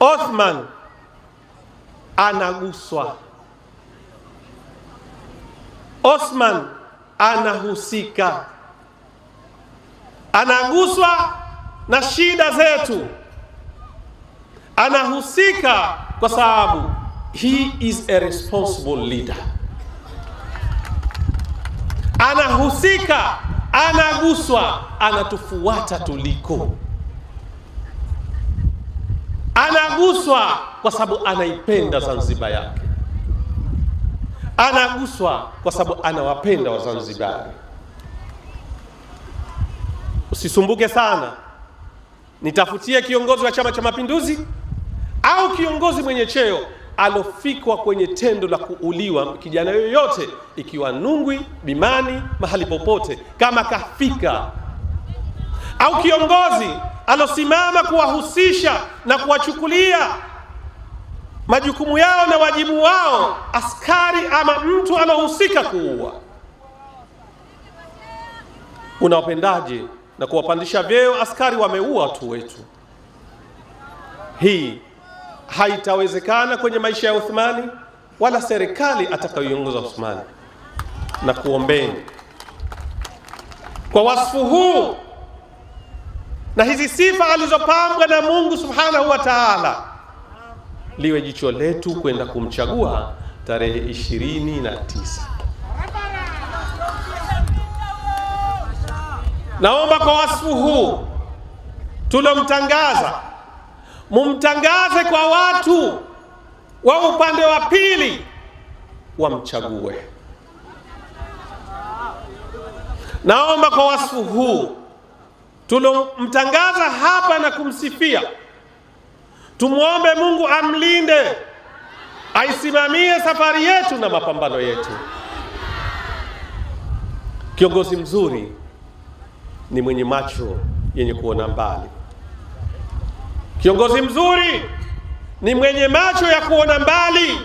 Othman anaguswa, Othman anahusika, anaguswa na shida zetu, anahusika kwa sababu he is a responsible leader. Anahusika, anaguswa, anatufuata tuliko. anaguswa kwa sababu anaipenda Zanzibar yake, anaguswa kwa sababu anawapenda Wazanzibari. Usisumbuke sana, nitafutie kiongozi wa Chama cha Mapinduzi au kiongozi mwenye cheo alofikwa kwenye tendo la kuuliwa kijana yoyote, ikiwa Nungwi, Bimani, mahali popote, kama kafika au kiongozi alosimama kuwahusisha na kuwachukulia majukumu yao na wajibu wao askari ama mtu anaohusika kuua. Unawapendaje na kuwapandisha vyeo askari wameua watu wetu? Hii haitawezekana kwenye maisha ya Uthmani wala serikali atakayoiongoza Uthmani. Na kuombeni kwa wasfu huu na hizi sifa alizopambwa na Mungu subhanahu wa taala liwe jicho letu kwenda kumchagua tarehe 29. Naomba kwa wasfu huu tulomtangaza, mumtangaze kwa watu wa upande wa pili wamchague. Naomba kwa wasfu huu tulomtangaza hapa na kumsifia, tumwombe Mungu amlinde, aisimamie safari yetu na mapambano yetu. Kiongozi mzuri ni mwenye macho yenye kuona mbali. Kiongozi mzuri ni mwenye macho ya kuona mbali,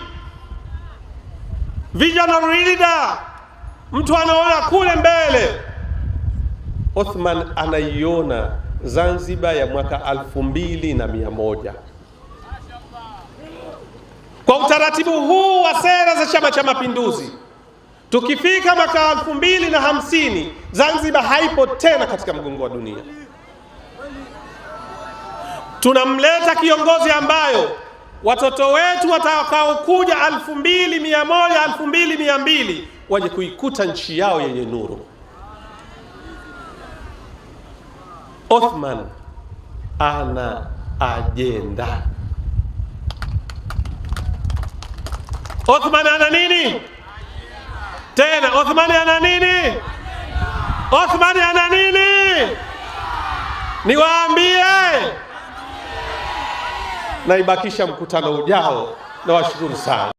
visionary leader, mtu anaona kule mbele. Othman anaiona Zanzibar ya mwaka alfu mbili na mia moja kwa utaratibu huu wa sera za Chama cha Mapinduzi. Tukifika mwaka alfu mbili na hamsini Zanzibar haipo tena katika mgongo wa dunia. Tunamleta kiongozi ambayo watoto wetu watakaokuja alfu mbili mia moja alfu mbili mia mbili waje kuikuta nchi yao yenye nuru. Othman ana ajenda. Othman ana nini tena? Othman ana nini? Othman ana nini? Niwaambie, naibakisha mkutano ujao. Nawashukuru sana.